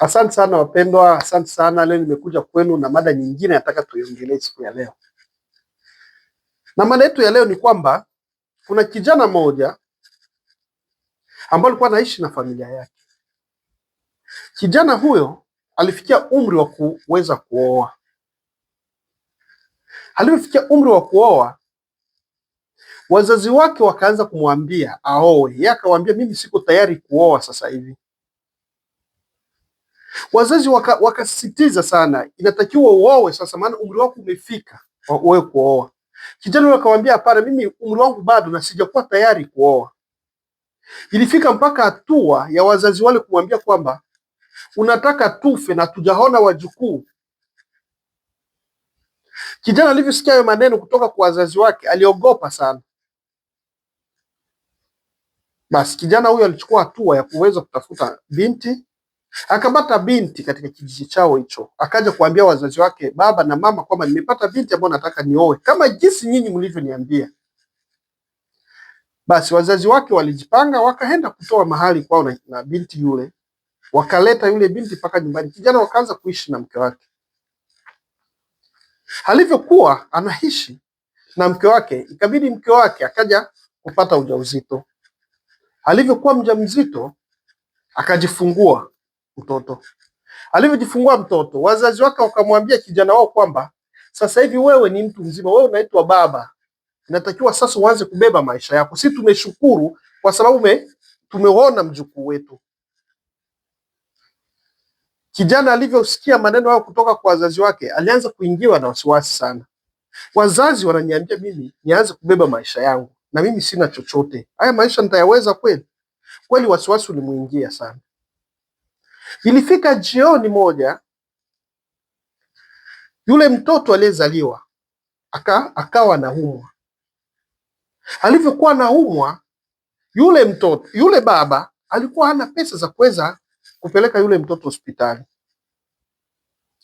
Asante sana wapendwa, asante sana leo. Nimekuja kwenu na mada nyingine, nataka tuiongelee siku ya leo, na mada yetu ya leo ni kwamba kuna kijana mmoja ambaye alikuwa anaishi na familia yake. Kijana huyo alifikia umri wa kuweza kuoa. Alipofikia umri wa kuoa, wazazi wake wakaanza kumwambia aoe, yeye akawaambia mimi siko tayari kuoa sasa hivi Wazazi wakasisitiza waka sana, inatakiwa uoe sasa, maana umri wako umefika wewe kuoa. Kijana huyo akamwambia, hapana, mimi umri wangu bado na sijakuwa tayari kuoa. Ilifika mpaka hatua ya wazazi wale kumwambia kwamba unataka tufe na tujaona wajukuu. Kijana alivyosikia hayo maneno kutoka kwa wazazi wake aliogopa sana. Basi kijana huyo alichukua hatua ya kuweza kutafuta binti Akapata binti katika kijiji chao hicho, akaja kuambia wazazi wake, baba na mama, kwamba nimepata binti ambayo nataka nioe kama jinsi nyinyi mlivyoniambia. Basi wazazi wake walijipanga, wakaenda kutoa mahali kwao na, na binti yule, wakaleta yule binti mpaka nyumbani. Kijana wakaanza kuishi na mke wake. Alivyokuwa anaishi na mke wake, ikabidi mke wake akaja kupata ujauzito. Alivyokuwa mjamzito, akajifungua mtoto. Alivyojifungua mtoto, wazazi wake wakamwambia kijana wao kwamba sasa hivi wewe ni mtu mzima, wewe unaitwa baba, inatakiwa sasa uanze kubeba maisha yako. Si tumeshukuru kwa sababu me, tumeona mjukuu wetu. Kijana alivyosikia maneno hayo kutoka kwa wazazi wake, alianza kuingiwa na wasiwasi sana. Wazazi wananiambia mimi nianze kubeba maisha yangu, na mimi sina chochote, haya maisha nitayaweza kweli? Kweli wasiwasi ulimuingia sana. Ilifika jioni moja, yule mtoto aliyezaliwa aka, akawa umwa Alivyokuwa umwa yule mtoto, yule baba alikuwa hana pesa za kuweza kupeleka yule mtoto hospitali,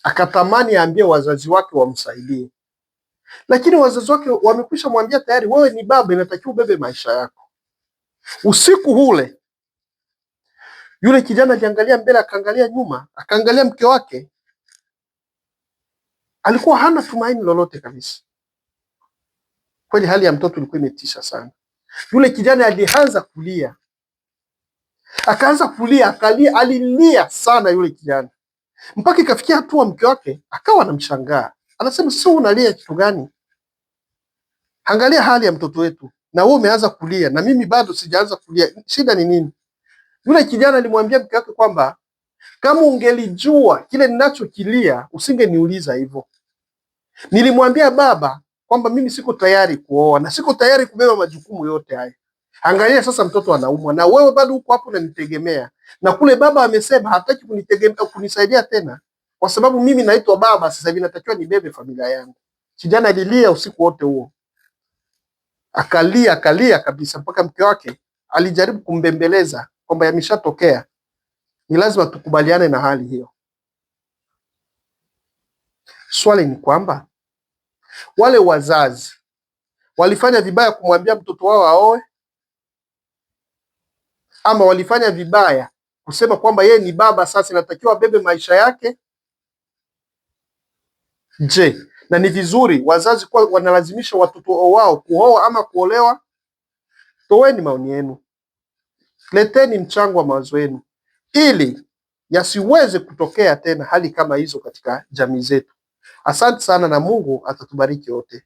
akatamani aambie wazazi wake wamsaidie, lakini wazazi wake wamekwisha mwambia tayari, wewe ni baba, inatakiwa ubebe maisha yako. Usiku ule yule kijana aliangalia mbele, akaangalia nyuma, akaangalia mke wake, alikuwa hana tumaini lolote kabisa. Kweli hali ya mtoto ilikuwa imetisha sana. Yule kijana alianza kulia, akaanza kulia, akalia, alilia sana yule kijana, mpaka ikafikia hatua mke wake akawa anamshangaa, anasema si unalia kitu gani? Angalia hali ya mtoto wetu, na wewe umeanza kulia na mimi bado sijaanza kulia, shida ni nini? Yule kijana alimwambia mke wake kwamba kama ungelijua kile ninachokilia usingeniuliza hivyo. Nilimwambia baba kwamba mimi siko tayari kuoa na siko tayari kubeba majukumu yote haya. Angalia sasa, mtoto anaumwa na wewe bado uko hapo unanitegemea, na kule baba amesema hataki kunitegemea, kunisaidia tena, kwa sababu mimi naitwa baba sasa hivi, natakiwa nibebe familia yangu. Kijana alilia usiku wote huo, akalia akalia kabisa, mpaka mke wake alijaribu kumbembeleza kwamba yameshatokea, ni lazima tukubaliane na hali hiyo. Swali ni kwamba wale wazazi walifanya vibaya kumwambia mtoto wao aoe, ama walifanya vibaya kusema kwamba yeye ni baba, sasa inatakiwa abebe maisha yake? Je, na ni vizuri wazazi kuwa wanalazimisha watoto wao kuoa ama kuolewa? Toweni maoni yenu leteni mchango wa mawazo yenu ili yasiweze kutokea tena hali kama hizo katika jamii zetu. Asante sana na Mungu atatubariki wote.